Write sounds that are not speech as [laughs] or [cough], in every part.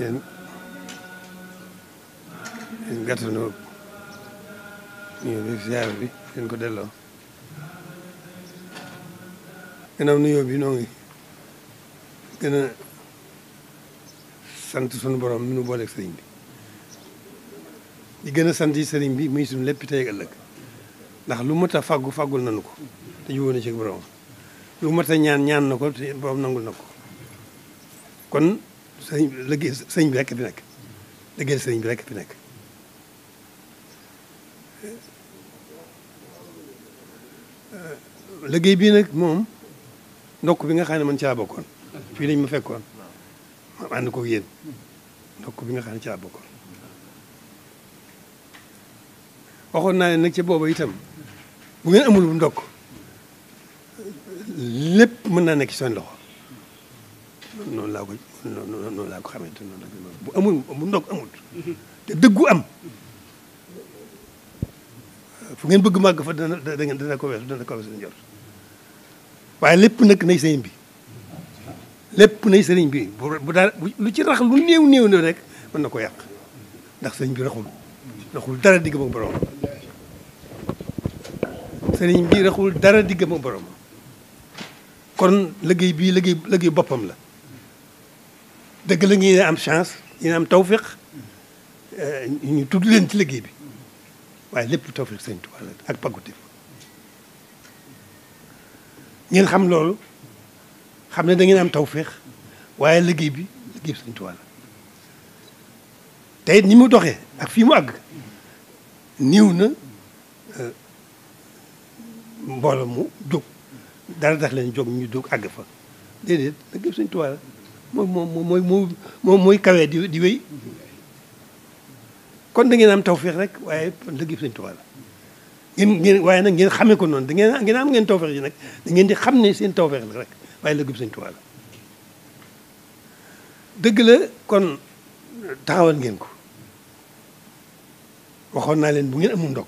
yéen yéen gàttanoo nuyoo bi ziyaara bi yéen ko delloo gannaaw nuyoo bi noo ngi gën a sant sunu borom mi nu booleeg sëriñ bi di gën a sant yi sëriñ bi mu muy suñu lépp tey ak ëllëg ndax lu mat a fàggu fàggul nanu ko te jubóo na ci borom lu mat a ñaan ñaan na ko te borom nangul na ko kon sëñ liggéey sëñ bi rek fi nekk liggéey sëñ bi rek fi nekk eh, liggéey bii nag moom ndokk bi nga xam ne man caa bokkoon fii lañ ma fekkoon ma ànd ko yéen ndokk bi nga xam ne caa bokkoon waxoon naa leen nag ca booba itam bu ngeen amul bu ndokk lépp mën naa nekk ci seen loxo noonu laa ko noonu laa ko xamante noonu bu amul bu ndog amul te dëggu am fu ngeen bëgg màgg fa dana dana dana ko weesu dana ko weesu njor waaye lépp nag nay sëriñ bi lépp nay sëriñ bi bu daal lu ci rax lu néew néew na rek mën na ko yàq ndax sëriñ bi raxul raxul dara digg ak borom sëriñ bi raxul dara digg ak borom kon liggéey bii liggéey liggéey boppam la dëgg la ñuy am chance ñu am tawféq eh, ñu tudd leen ci liggéey bi waaye lépp tawféq Sëriñ Tuubaa la ak paggutif ngeen xam loolu xam ne da ngeen am tawféq waaye liggéey bi liggéey bi Sëriñ tey ni mu doxee ak fii mu àgg niiw na eh, mbooloo mu dug dara tax leen jóg ñu jóg àgg fa déedéet liggéey bi Sëriñ Tuubaa moom moom mooy moom mooy kawee di di wéy kon da ngeen am tawféex rek waaye liggéey Sëñ Tuubaa la ngeen ngeen waaye nag ngeen xamee ko noonu da ngeen ngeen am ngeen tawféex ji nag da ngeen di xam ne seen tawféex la rek waaye liggéey Sëñ Tuubaa la dëgg la kon taxawal ngeen ko waxoon naa leen bu ngeen amul ndog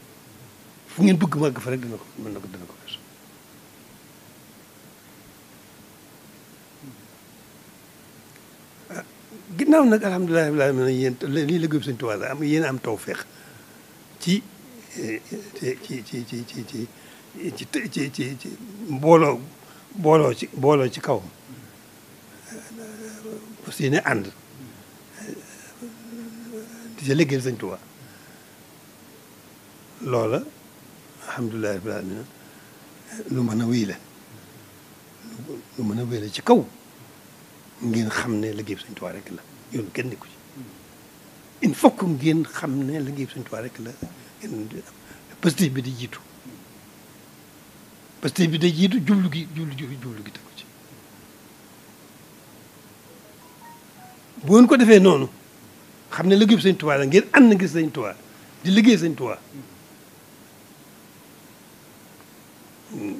fu ngeen bëgg màgg fa rek dina ko mën na ko dina ko ginnaaw nag alhamdulilah rabbil alamin yéen lii liggéeyu Sëñ Tuubaa la am yéen am tawfeex ci ci ci ci ci ci ci ci ci booloo ci booloo ci kaw parce que ne ànd di sa liggéeyal Sëñ Tuubaa loola alhamdulilah rabbil alamin lu mën a wéy lu mën a wéy ci kaw ngeen xam ne liggéey bi Sëñ Tuubaa rek la yoon kenn nekku ci il faut que ngeen xam ne liggéey bi Sëñ Tuubaa rek la ngeen bi di jiitu pësté bi di jiitu jublu gi jublu jublu gi tegu ci bu ngeen ko defee noonu xam ne liggéey bi Sëñ Tuubaa la ngeen ànd na ngir Sëñ Tuubaa di liggéey Sëñ Tuubaa hmm.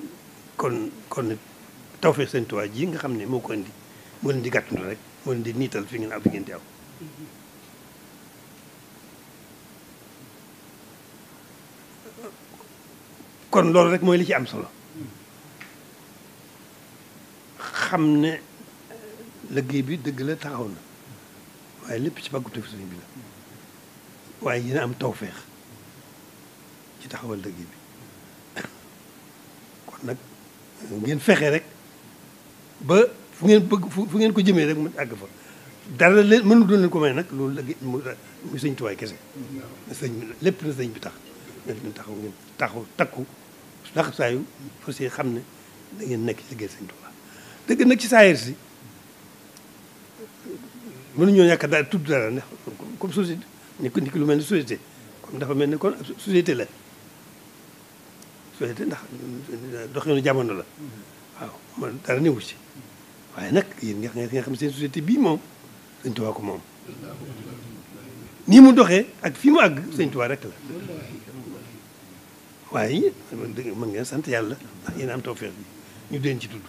kon kon tawfeex Sëñ Tuubaa jii nga xam ne moo ko indi moo leen di gàttandu rek moo leen di niital fi ngeen am fi ngeen di am kon loolu rek mooy li ci am solo xam ne liggéey bi dëgg la taxaw na waaye lépp ci bàggu tëf sëriñ bi la waaye yéen am tawféex ci taxawal liggéey bi kon nag ngeen fexe rek fu ngeen bëgg fu ngeen ko jëmee rek mu àgg fa dara leen mënu doon leen ko may nag loolu la mu sëñ tuwaay kese mm-hmm. sëñ bi lépp na sëñ bi tax ngeen ngeen taxaw ngeen taxaw takku ndax saa yu fas yéene xam ne da ngeen nekk ci liggéey sëñ tuwaay nag ci saayir si mënuñoo ñàkk daal tudd dara ndax comme ni ko ni lu mel ni société comme dafa mel ni kon société la société ndax doxinu jamono la mm-hmm. waaw man dara waaye nag yéen nga xam ne seen société bii moom sëñ Tuubaa ko moom nii mu doxee ak fi mu àgg sëñ Tuubaa rek la waaye mën ngeen sant yàlla ndax yéen am tawfeex bi ñu deen ci tudd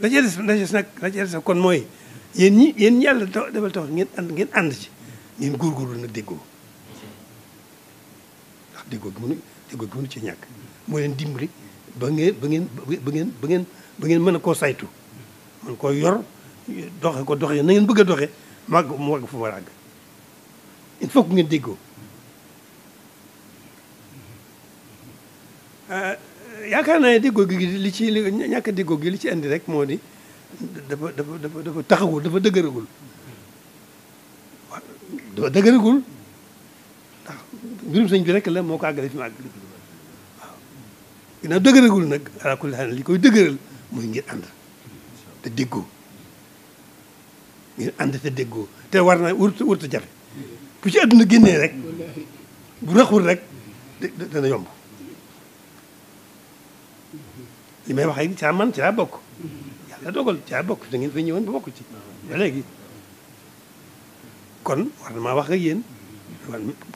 la ca des la ca des nag la kon mooy yéen ñi yéen yàlla defal taw ngeen ànd ngeen ànd ci ngeen góorgóorlu nag déggoo ndax déggoo gi ci ñàkk moo dimbali ba ngeen ba ngeen ba ngeen ba ngeen ba ngeen mën a koo saytu mën koo yor doxe ko doxe na ngeen bëgg a doxe màgg mu wàgg fu mu war a euh, yaakaar naa ne déggoo li ci ñàkk a gi li ci indi rek moo di dafa dafa dafa dafa dafa dëgëragul dafa dëgëragul ndax rek la moo ko àggale fi mu àgg ginnaaw dëgëragul nag ala kulli li koy dëgëral muy ngir ànd te déggoo ngir ànd te déggoo te war na wurtu wurtu jafe bu ci àdduna génnee rek bu raxul rek dana yomb li may wax ak caa man caa bokk yàlla dogal caa bokk da ngeen fay ñëwoon ba bokk ci ba léegi kon war na maa wax ak yéen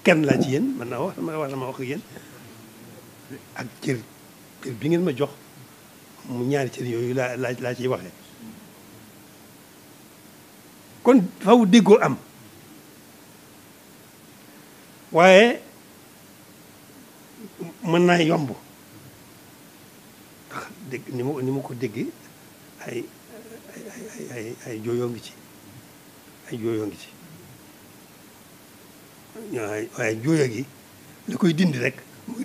kenn laa ci yéen man naa wax war na maa wax ak yéen ak cër cër bi ngeen ma jox mu ñaari cër yooyu laa laa laa ciy waxee kon faw déggoo am waaye mën naa yomb ndax ni ma ni ma ko dégg ay ay ay ay jooyoo ngi ci ay jooyoo ngi ci waaye jooyoo gi li koy dindi rek mooy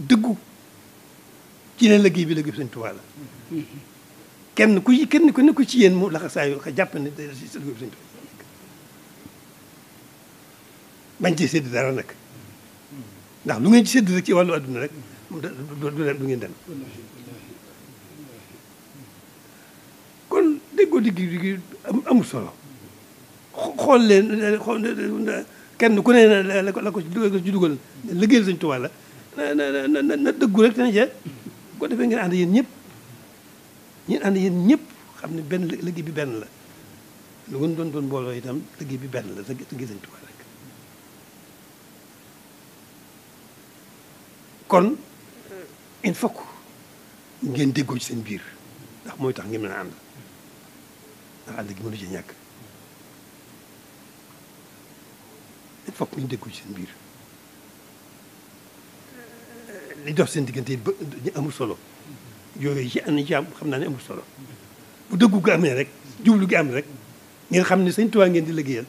kii ne liggéey bi liggéey Sëñ Tuubaa la kenn ku kenn ku ne ci yéen mu laxa saa yu jàpp ne day si liggéey Sëñ sédd dara nag ndax lu ngeen ci sédd rek ci wàllu adduna rek du ngeen dem kon déggoo diggi diggi amul solo xool leen xool kenn ku ne la ko la ko ci dugal liggéeyal Sëñ Tuubaa la na na na na dëggu rek dana jeex ko defee ngeen ànd yéen ñëpp ngeen ànd yéen ñëpp xam ne benn liggéey bi benn la lu gën doon doon mbooloo itam liggéey bi benn la sa ngi Sëñ Tuubaa rek kon il faut que ngeen déggoo ci seen biir ndax mooy tax ngeen mën a ànd ndax ànd gi mënu ci ñàkk il faut que ñu déggoo ci seen biir li dox seen diggante ba amul solo yooyu ci am nañ ci am xam naa ne amul solo bu dëggu gi amee rek jublu gi am rek ngeen xam ne Sëñ Tuubaa ngeen di liggéeyal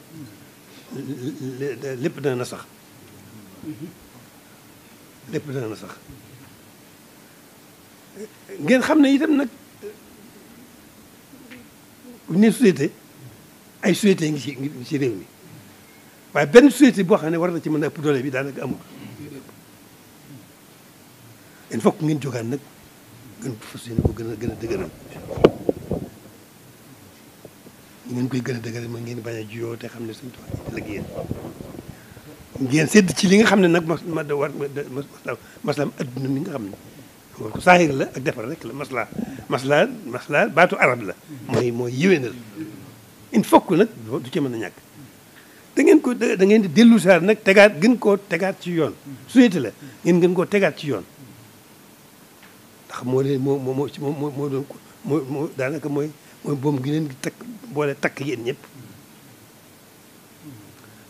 lépp dana na sax lépp dana na sax ngeen xam ne itam nag bu ne société ay société ngi ci ngi ci réew mi waaye benn société boo xam ne war na ci mën a ëpp doole bi daanaka amul il faut ngeen jógaat nag gën ko fas ko gën a gën a dëgëral ngeen koy gën a dëgëral mooy ngeen bañ a te xam ne suñu tubaab liggéeyal ngeen sedd ci li nga xam ne nag mas ma war adduna mi nga xam ne war ko saahir la ak defar rek la masla masla masla baatu arab la mooy mooy yéwénal il faut que nag du ci mën a ñàkk dangeen ko dangeen di dellu saar nag tegaat gën koo tegaat ci yoon société la ngeen gën koo tegaat ci yoon ndax moo leen moo moo moo moo moo doon moo moo daanaka mooy mooy boom gi leen takk boole takk yéen ñépp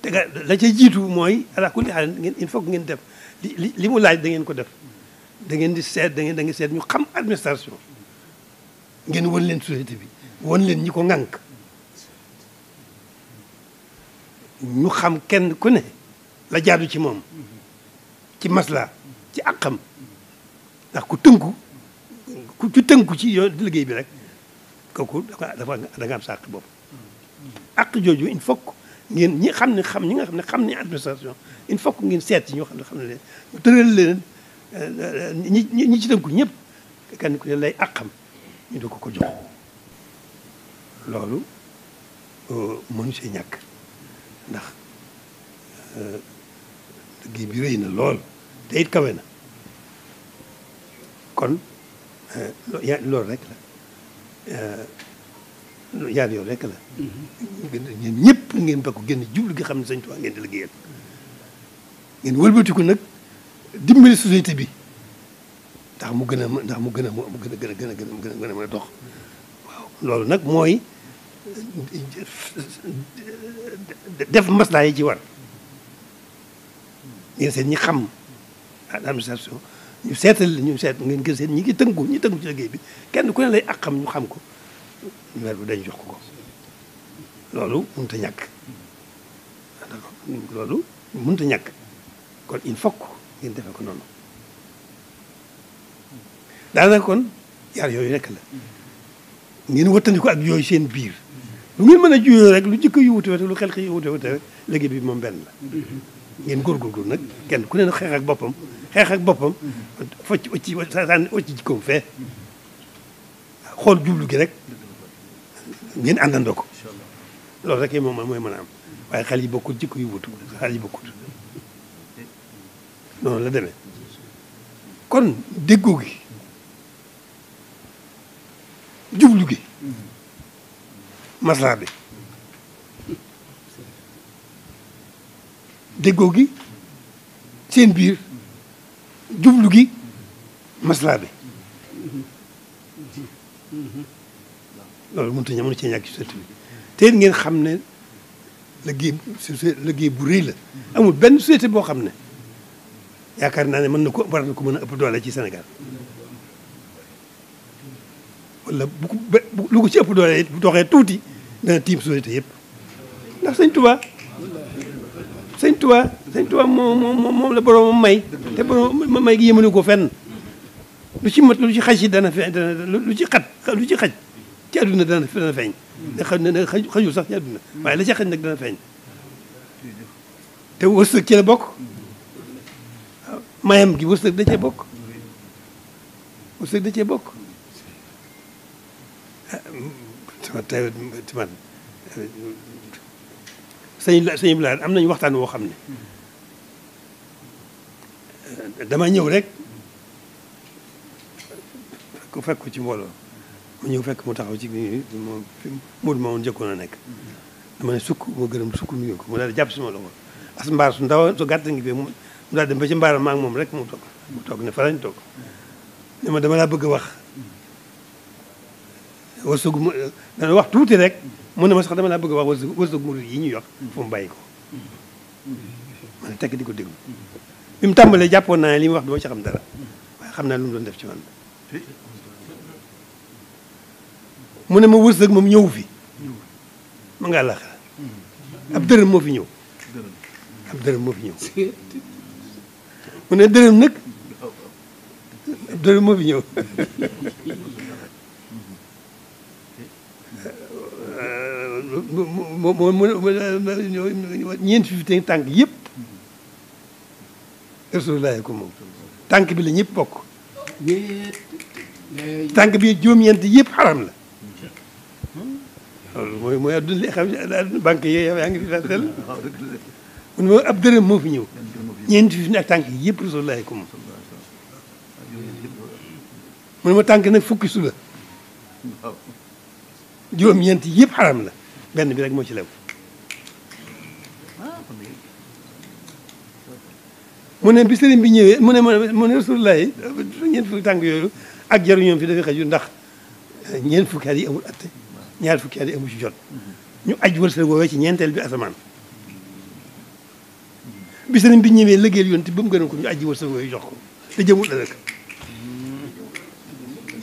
te ga la ca jiitu mooy ala kulli xaal ngeen il faut ngeen def li li mu laaj da ngeen ko def da ngeen di seet da ngeen da seet ñu xam administration ngeen won leen société bi won leen ñi ko ŋànk ñu xam kenn ku ne la jaadu ci moom ci masla ci àqam ndax ku tënku ku ci tënku ci yoon liggéey bi rek kooku dafa da nga am sa àq bopp. àq jooju il faut ngeen ñi xam ne xam ñi nga xam ne xam ne administration il faut ngeen seet ci ñoo xam ne xam ne leen ñu leen euh, ñi ñi ci tënku ñëpp kenn ku ne lay àqam ñu di ko ko jox loolu euh, mënu see ñàkk ndax euh, liggéey bi rëy na lool te it kawe kon. loolu rek la ñaar yoon rek la. ngeen ñëpp ngeen bakku génn jublu gi xam ne Sëñ Tuubaa ngeen di liggéeyal ngeen wëlbatiku nag dimbali société bi ndax mu gën a ndax mu gën a mu gën a gën a gën a gën a gën a mën a dox waaw loolu nag mooy def maslaa yi ci war ngeen seen ñi xam administration. ñu seetal la ñu seet ngeen gis seen ñi ngi tënku ñi tënku ci liggéey bi kenn ku ne lay ak xam ñu xam ko ñu weer bi dañ jox ko ko loolu mënut a ñàkk loolu mënut ñàkk kon il faut ko ngeen defee ko noonu daanaka kon yar yooyu rekk la ngeen wëttandi ko ak yooyu seen biir lu ngeen mën a juyoo rek lu jikko yu wute rek lu xel xel yu wute rek bi moom benn la ngeen góorgóorlu nag kenn ku ne xeex ak boppam xeex ak boppam focc ucci sànni ucci jikkoom fee xool jublu gi rek ngeen àndandoo ko loolu rek moom mooy mën a am waaye xel yi bokkul jikko yu wutu xel yi bokkul noonu la demee kon déggoo gi jublu gi maslaa bi déggoo gi seen biir jublu gi maslaa bi loolu mënut a ña mënut cee ñàkk ci société bi te ngeen xam ne liggéey liggéey bu rëy la amul benn société boo xam ne yaakaar naa ne mën na ko war na ko mën a ëpp doole ci Sénégal wala bu ko lu ci ëpp doole bu doxee tuuti dana tiim société yëpp ndax Sëñ Tuubaa sëñ Tuubaa sëñ Tuubaa moom la boroomam may te boroom may gi yëmalu ko fenn lu ci mat lu ci xaj yi dana feeñ dana lu ci xat lu ci xaj ci àdduna dana dana feeñ da xam ne xajul sax ci àdduna waaye la ci xaj nag dana feeñ te wërsëg ci la mayam gi wërsëg da cee bokk wërsëg da cee bokk ah, sëñ sëñ Bilane am nañu waxtaan woo xam ne dama ñëw rek ku fekk ci mbooloo mu ñëw fekk mu taxaw ci moom Mourou ma woon njëkkoon a nekk. dama ne sukk moo gërëm sukk nuyu ko mu daal di jàpp suma loxo as mbaar su ndaw su gàtt ngi fi mu daal dem ba ci mbaaram maa moom rek mu toog mu toog ne fa lañ toog ne ma dama laa bëgg a wax. war sugg dana wax tuuti rek. mu ne ma sax dama laa bëgg a wax wërsëg wërsëg murid yi ñu yor fu mu bàyyi ko ma ne tekk di ko déglu bi mu tàmbalee jàppoon naa ne li wax duma ci xam dara waaye xam naa lu mu def ci man mu ne ma wërsëg moom ñëw fi ma nga àllaaxira ab dërëm moo fi ñëw ab dërëm moo fi ñëw mu ne dërëm nag ab dërëm moo fi ñëw [laughs] moo mën ñeenti fi tànk yëpp rasulullahi ko moom tànk bi la ñëpp bokk tànk bi juróom-ñeent yëpp xaram la loolu mooy mooy adduna li xam banque yi fi fasel mun fi fi ak tànk yëpp rasulullahi ko moom mun tànk nag fukk su la juróom-ñeent yëpp xaram la benn bi rek moo ci lew mu ne bi sëriñ bi ñëwee mu ne mu ne rasulullah yi ñeent fukki tànk yooyu ak jaru ñoom fi dafay xaju ndax ñeent fukki at yi amul atte ñaar fukki at yi amul ci jot ñu aj wërsëg woowee ci ñeenteel bi asamaan bi sëriñ bi ñëwee liggéeyal yoon te ba mu gënoon ko ñu aj wërsëg woowee jox ko te jëmul ëllëg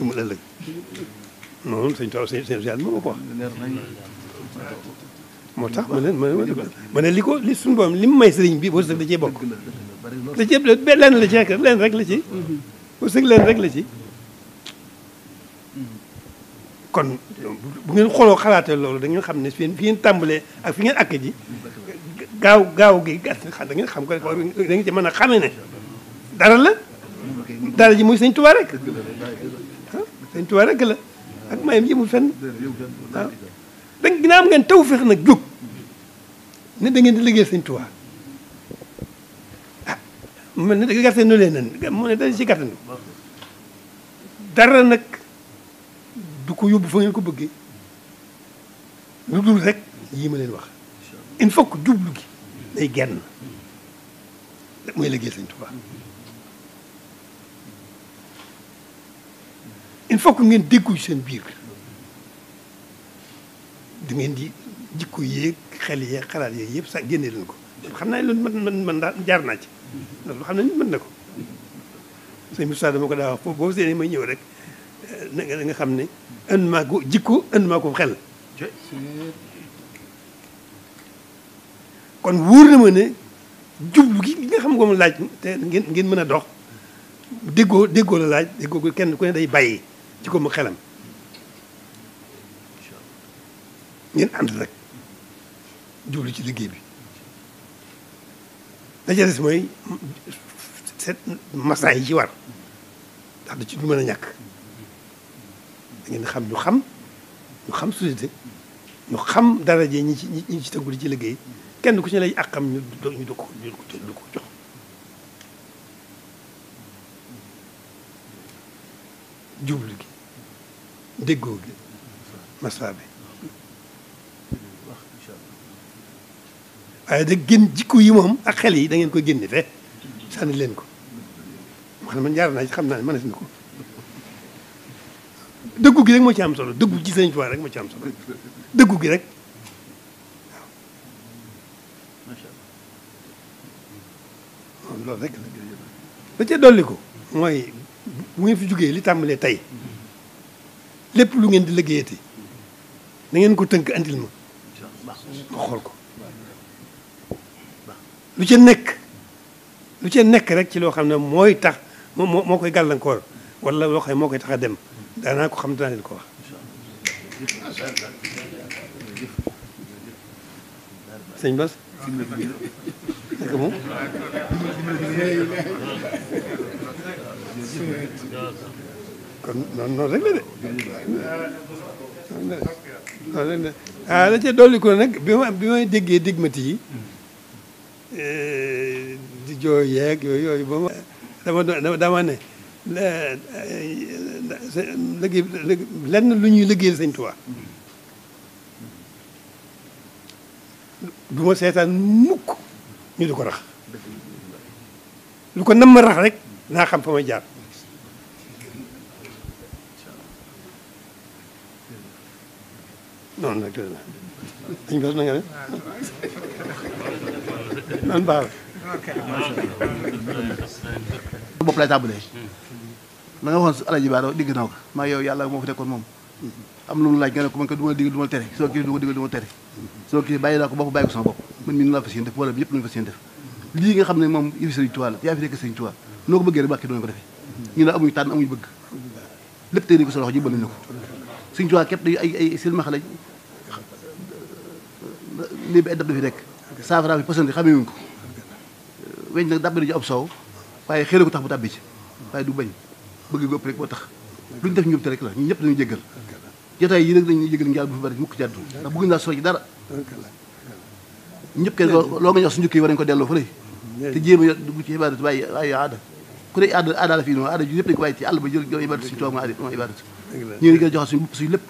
jëmul ëllëg noonu sëñ Tuubaa sëñ Sëñ Sëñ moo ko wax moo tax ma ne ma ne li ko li suñu borom li mu may sëriñ bi wërsëg da cee bokk da cee lenn la ci rek lenn rek la ci wërsëg lenn rek la ci kon bu ngeen xooloo xalaatee loolu da ngeen xam ne fi ngeen tàmbalee ak fi ngeen akk ji gaaw gaaw gi gàtt da ngeen xam ko da ngeen ci mën a xamee ne dara la dara ji muy sëñ Tuubaa rek sëñ Tuubaa rek la ak mayam ji mu fenn waaw danga dina am ngeen taw féex nag jóg ne da ngeen di liggéey sëñ Tuubaa ah mu ne gàttal nu leen mu ne dañ si gàttal dara nag du ko yóbbu fa ngeen ko bëggee rek yii ma leen wax il faut que jublu gi day genn mooy liggéey sëñ Tuubaa il faut que ngeen déggu seen biir da ngeen di jikko yéeg xel yee xalaat yeeg yëpp sax génnee leen ko xam naa ne loolu man man daal jaar naa ci loolu xam naa nit na ko sëñ Moussa dama ko daa wax foofu boo may ñëw rek eh, na nga nga xam ne ënd maa ko jikko ënd maa ko xel kon wuur na ma ne jublu gi nga xam moom laaj te ngeen ngeen mën a dox déggoo déggoo la laaj déggoo kenn ku ne day bàyyi ci ko mu xelam ngeen ànd rek jublu ci liggéey bi la ca des mooy seet masaa yi ci war ndax du ci du mën a ñàkk da xam ñu xam ñu xam société ñu xam daraje ñi ci ñi ci tënku di ci liggéey kenn ku ci ne lay àqam ñu ñu du ko du ko jox jublu gi déggoo gi masaa bi waaye da génn jikko yi moom ak xel yi da ngeen koy génne fe sànni leen ko ma man man jaar naa ci xam naa ne mënees na ko dëggu gi rek moo ci am solo dëggu ci Sëriñ Tuubaa rek moo ci am solo dëggu gi rek waaw loolu rek la ca dolli ko mooy bu ngeen fi jógee li tàmbalee tey lépp lu ngeen di liggéeyati na ngeen ko tënk andil ma ma ko lu ca nekk lu ce nekk rek ci loo xam ne mooy tax moo moo koy gàllankoor walla loo xam moo koy tax a dem daanaa ko xam danaa leen ko wax. sëñ Bas. naka moom. kon rek la de. noonu rek la ah la ko nag bi ma bi may déggee digmati yi. Eh, di jooy yeeg yooyu yooyu ba ma dama dama ne lenn lu ñuy liggéeyal Sëñ Tuubaa du ma seetaan mukk ñu di ko rax lu ko nam rax rek naa xam fa ma jaar noonu nag dañ bas na nga ne nan baal bopp lay tàmbalee la nga waxoon alaji baaro digg naa ko maa yow yàlla moo fi nekkoon moom am lu mu laaj nga ne ko man ko du ma digal tere soo kii du ma digal du ma tere soo kii bàyyi naa ko bopp bàyyi ko sama bopp man mii nu laa fas yéene def wala bi yëpp lañu fas yéene def lii nga xam ne moom yëfi sëriñ Tuubaa la yaa fi nekk sëriñ Tuubaa noo ko bëggee rek bàkki doon ko ñu ne amuñu tànn amuñu bëgg lépp tey ni ko ko sëriñ Tuubaa képp dañu ay ay silmaxa lañ lii bi ay te saafara bi poson di xamee ko weñ nag dàbbali ji ab soow waaye xëy ko tax bu tàbbi ci waaye du bañ bëgg góob rek boo tax lu ñu def ñoom te rek la ñun ñëpp dañu jéggal jotaay yi nag dañuy jéggal bu bari mukk ci àdduna ndax bëgguñu laa sori yi war nañu ko delloo fële a dugg ci fii noonu aada ju yëpp dañ ko bàyyi ci àll ba jël suñu toog ma ibadat ñu ngi gën a joxal suñu bopp suñu lépp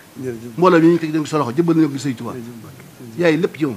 mbooloo mi ñu ko sa loxo jëbbal nañu ko ngi yaay lépp ci moom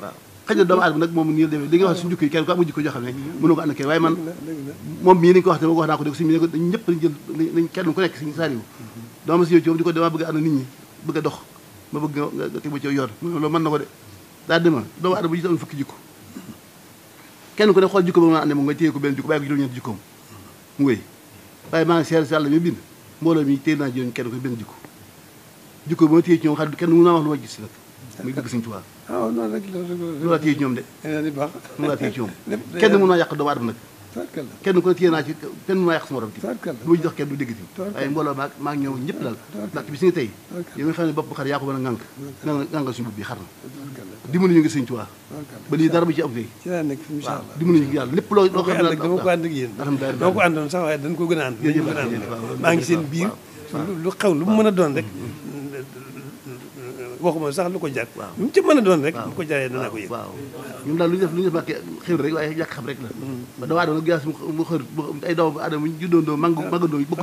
waaw xëy na doomu aadama nag moom nii la demee li nga wax suñu jukki kenn ko amul jikko joo xam ne man moom mii ni ko ma ko wax naa ko dégg suñu mi ne kenn ku nekk suñu saariwu dama ma si yow moom di ko damaa bëgg a ànd nit ñi bëgg a dox ma bëgg nga teg ma ci yoon loolu mën na ko de ji ko benn jikko ko juróom-ñeenti jikkoom mu wéy waaye kenn ko benn jikko jikko ba ma téye ci ñoom xarit kenn mën naa wax lu ma gis nag muy bëgg Sëñ Tuubaa. Ah, waaw noonu rek la loolu ci ñoom de. Eh, di baax loolu ci ñoom. [laughs] kenn mën naa yàq doomu aadama nag. la kenn ku ne téye naa ci kenn mën naa yàq sama morom ci. tarkal la lu ma ci dox kenn maa ngi ñëw ñëpp daal. ndax bis nga tey. yow mi xam ne bopp xar a ŋànk. ŋànkal suñu bopp bi xar na. dimbali ñu ngi Sëñ Tuubaa. ba loo loo xam ne dama ko ànd ak yéen dama ko a ànd maa ngi seen lu xew lu mu mën a doon rek waxuma sax mu ci mën a doon rek. lu ko jaree danaa ko yëg. waaw ñun daal lu ñu def lu ñu def ba xew rek waaye yàq xam rek la. Mm. ba dama aadama glace mu xër ay doomu aadama ñu juddoo mangu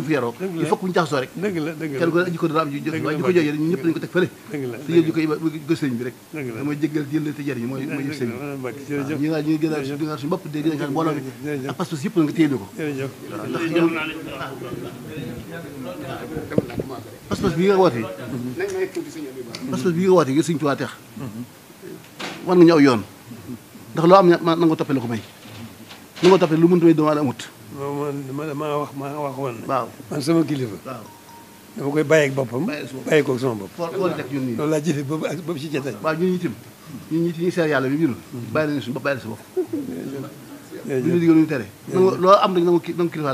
fi yaroo. dëgg la il faut que ñu jaxasoo rek. dëgg la jikko dana am jikko jikko yi bi rek. dëgg la jël te jar yi mooy mooy sëñ bi. waaw ñu ngi a ñu suñu bopp de gën a mbooloo bi ak pas-pas yëpp nga téye ko. pas-pas bii nga woote. pas-pas bii nga woote nga ñëw yoon ndax loo am na nga ko toppee la ko may na nga toppee lu mënut may doomu aadama amut. ma maa wax maa wax woon. waaw man sama kilifa. waaw dama koy bàyyi laa jëlee ba ba ci jotaay. waaw ñun seer yàlla la sa bopp. jërëjëf lu ñu lu ñu tere. na nga loo am rek na nga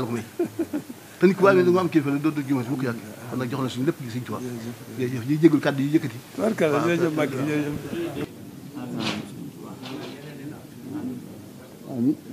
[laughs] te nit ku waa ngeen nga am kilifa la doo doo jiw ma si bu kon jox na suñu lépp gi Sëñ Tuubaa jërëjëf ñuy jégul kàddu yi yëkkati barkala jërëjëf Mbàkke jërëjëf amiin